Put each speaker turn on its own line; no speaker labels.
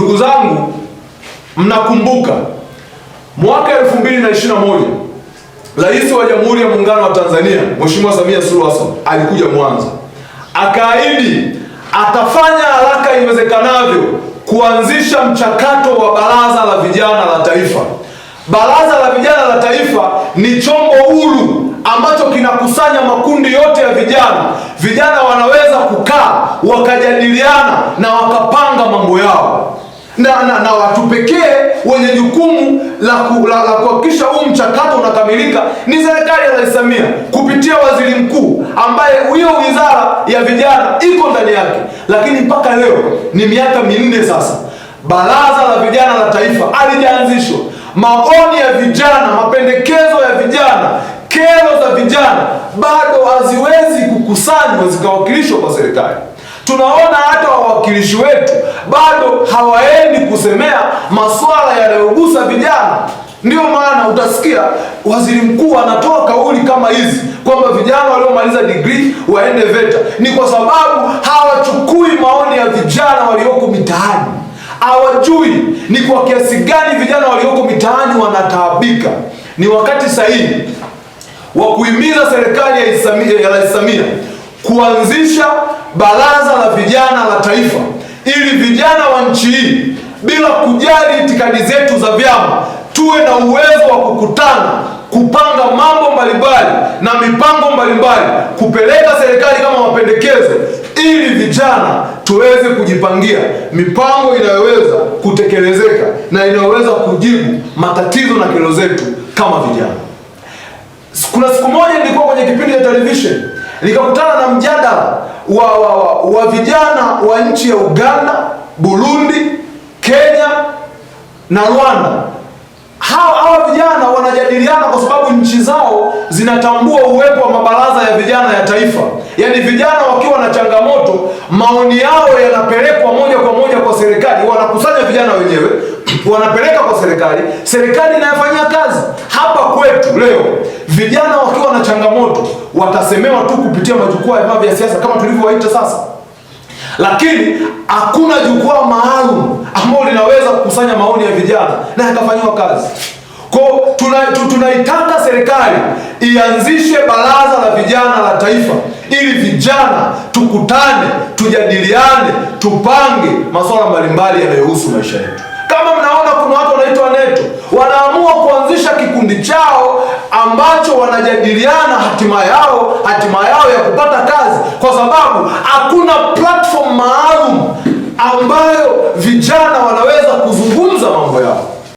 Ndugu zangu, mnakumbuka mwaka 2021 Rais wa Jamhuri ya Muungano wa Tanzania Mheshimiwa Samia Suluhu Hassan alikuja Mwanza akaahidi atafanya haraka iwezekanavyo kuanzisha mchakato wa Baraza la Vijana la Taifa. Baraza la Vijana la Taifa ni chombo huru ambacho kinakusanya makundi yote ya vijana. Vijana wanaweza kukaa wakajadiliana na wakapanga mambo yao na, na, na watu pekee wenye jukumu la kuhakikisha huu mchakato unakamilika ni serikali ya Rais Samia kupitia waziri mkuu ambaye hiyo wizara ya vijana iko ndani yake, lakini mpaka leo ni miaka minne sasa, baraza la vijana la taifa alijaanzishwa Maoni ya vijana, mapendekezo ya vijana, kero za vijana bado haziwezi kukusanywa zikawakilishwa kwa serikali. Tunaona hata wawakilishi wetu bado hawaendi kusemea masuala yanayogusa vijana. Ndiyo maana utasikia waziri mkuu anatoa kauli kama hizi kwamba vijana waliomaliza degree waende VETA. Ni kwa sababu hawachukui maoni ya vijana walioko mitaani, hawajui ni kwa kiasi gani vijana walioko mitaani wanataabika. Ni wakati sahihi wa kuhimiza serikali ya Rais Samia kuanzisha baraza la vijana la taifa ili vijana wa nchi hii bila kujali itikadi zetu za vyama tuwe na uwezo wa kukutana kupanga mambo mbalimbali na mipango mbalimbali kupeleka serikali kama mapendekezo ili vijana tuweze kujipangia mipango inayoweza kutekelezeka na inayoweza kujibu matatizo na kero zetu kama vijana. Kuna siku moja nilikuwa kwenye kipindi cha television nikakutana na mjadala wa, wa, wa, wa vijana wa nchi ya Uganda, Burundi, Kenya na Rwanda. Hawa, hawa vijana wanajadiliana kwa sababu nchi zao zinatambua uwepo wa mabaraza ya vijana ya taifa, yaani vijana wakiwa na changamoto maoni yao yanapelekwa moja kwa moja kwa serikali, wanakusanya vijana wenyewe wanapeleka kwa serikali, serikali inayofanyia kazi. Hapa kwetu leo vijana wakiwa na changamoto watasemewa tu kupitia majukwaa ya vyama vya siasa kama tulivyowaita sasa, lakini hakuna jukwaa maalum ambalo linaweza kukusanya maoni ya vijana na yakafanyiwa kazi. Kwa tunaitaka tuna serikali ianzishe baraza la vijana la taifa ili vijana tukutane, tujadiliane, tupange masuala mbalimbali yanayohusu maisha yetu. Kama mnaona kuna watu wanaitwa NETO wanaamua kuanzisha kikundi chao ambacho wanajadiliana hatima yao, hatima yao ya kupata kazi, kwa sababu hakuna platform maalum ambayo vijana wanaweza kuzungumza mambo yao.